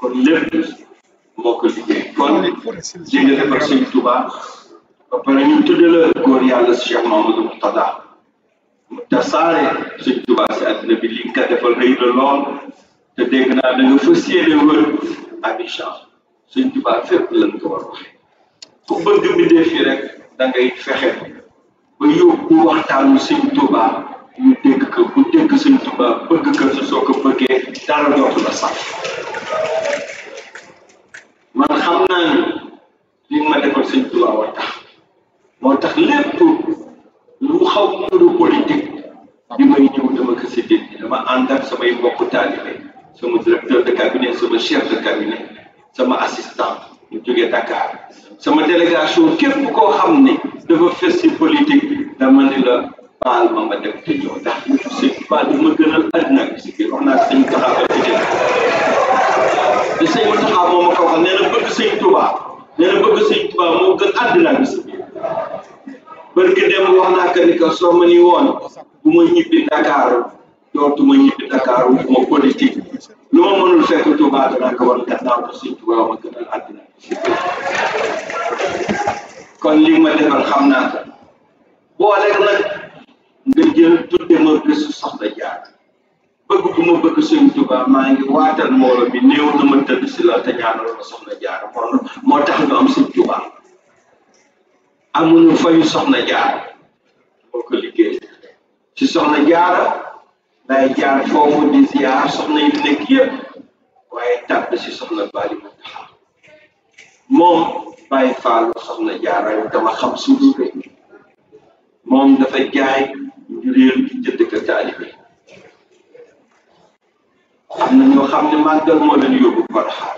kon lépp moo ko liggéey kon li nga defar sëñ Touba ba pare ñu tudde la góor yàlla Cheikh Mamadou Mourtada mu tasaare sëñ Touba si àddina bi li nga defal rëy la lool te dégg naa da nga fas yéene wër Abidjan sëñ Touba fépp lañ ko war waxe ku bëgg bindee fii rek da ngay fexe ba yóbbu waxtaanu sëñ Touba ñu dégg ko bu dégg sëñ bëgg ko su soo ko bëggee dara dootu la sax xam naa ni li ma defal awak tuba war tax moo tax lu xaw turu politique di may ñëw dama ko si dégg dama ànd ak samay mbokku taalibe sama directeur de cabinet sama chef de cabinet sama assistant ñu jógee Dakar sama delegasi képp koo xam ne dafa fes si politique dama ni la baal ma ma def tëjoo ndax ñu si baal ma gënal adna si li sëñ Mountakha moom ma ko waxal nee na bëgg sëñ Touba nee na bëgg sëñ Touba moo gën àddina bi barke dem wax naa que ni soo ma ni bu ma ñibbi Dakar dootuma ñibbi Dakar bu ma politique lu ma mënul fekk Touba danaa ko wan gannaaw ko sëñ Touba ma gënal àddina kon li ma defal xam naa ko boole nag nga jël tudde ma bésu soxna ku ma bëgg sëñ Tuubaa maa ngi waatal mbooloo mi néew na ma tëdd si la te ñaanal ma soxna jaara moo tax ñu am sëñ Tuubaa amuñu fayu soxna jaara moo soxna jaara lay jaar foofu di ziar soxna yi nekk yëpp waaye tàbb si soxna bali ma taxaw moom bàyyi faalu soxna jaara dama xam suñu moom dafa jaay njuréel ci jënd ka taalibe am na ñoo xam ne màggal moo leen yóbbu Porokhane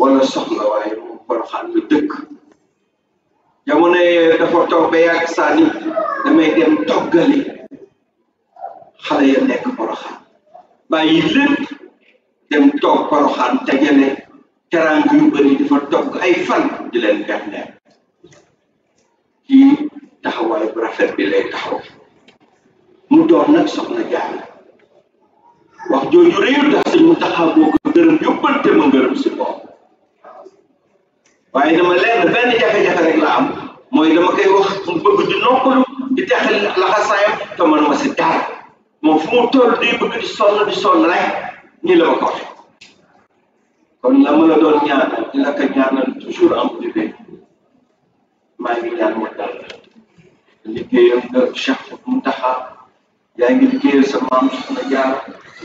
wala soxla waaye moom Porokhane lu dëkk jamono dafa toog ba yàgg saa ni damay dem toggali xale ya nekk Porokhane bàyyi lépp dem toog Porokhane dajale terang yu bëri dafa togg ay fan di leen berndeel kii taxawaay bu rafet bi taxaw mu doon nag soxna jaar jooju réew tax sëñ Muntaxa boo ko gërëm yóbbante ma ngërëm si ko waaye dama lenn benn jafe-jafe rek la am mooy dama koy wax mu bëgg di noppalu di texal laxasaayam te man ma si dara moom fu mu toll day bëgg di sonn di sonn rek nii la ma ko waxee kon la ma la doon ñaanal di la ko ñaanal toujours am privé maa ngi ñaan ma dal liggéeyam nga Cheikh Muntaxa yaa ngi liggéeyal sa maam Soxna Jaara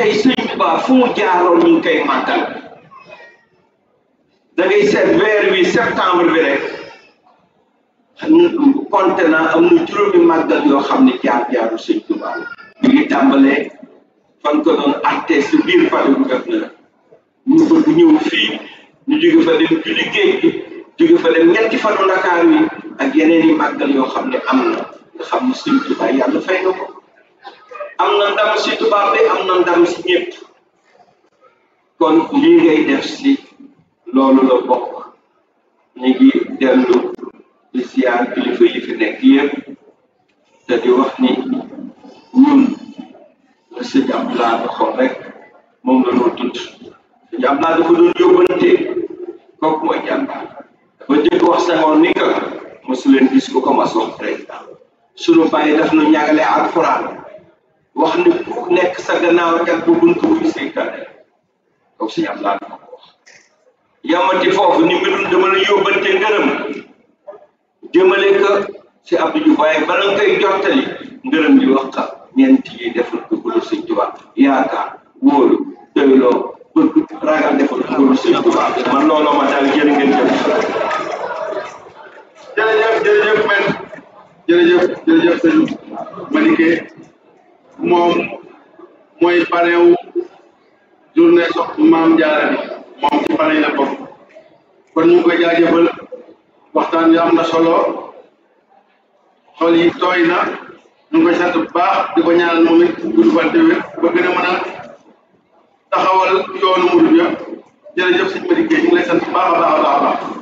tey Sëriñ Tuubaa fu mu jaaroon ñu ngi koy màggal da ngay seet weer wi septembre bi rek konte na am na juróomi màggal yoo xam ne jaar-jaaru Sëriñ Tuubaa ñu ngi tàmbalee fan ko doon àttee si biir palais gouverneur ñu ko bu ñëw fii ñu jóge fa dem julli géej gi jóge fa dem ñetti fanu Ndakaar yi ak yeneen i màggal yoo xam ne am na nga xam ne Sëriñ Tuubaa yàlla fay na ko am na ndam si tubaab bi am na ndam si ñëpp kon lii ngay def si loolu la bokk ñu ngi dellu di siyaar kilifa yi fi nekk yëpp te di wax ni ñun la sëñ Abdoulaye waxoon rek moom la doon tudd sëñ Abdoulaye dafa doon yóbbante mooy jàmbaar dafa jëkk wax sangoon ni ka mosu gis ko ko président sunu bàyyi daf nu wax ni ku nekk sa gannaaw teg bu buntu bu seytaane ko ci am laa ko wax yamati fofu ni mbirum dama la yobante demale ko si abdou djou baye bala nga koy jottali ngërëm li wax ka ñeent yi defal ko gulu sëñ tuba yaakaar wóolu doyloo bëgg ragal defal ko gulu sëñ man ma dal ngeen men jërëjëf jërëjëf sëñ Malike moom mooy parewu journée sox maam jaara moom pare la bokk kon ñu ngi koy jaajëfal waxtaan bi am na solo xol yi tooy na ñu ngi koy sant bu di ko ñaanal moom it gudd fan déwén ba gën a mën yoonu murid yëpp jërëjëf sëñ Madi Gueye ñu ngi lay sant bu baax a baax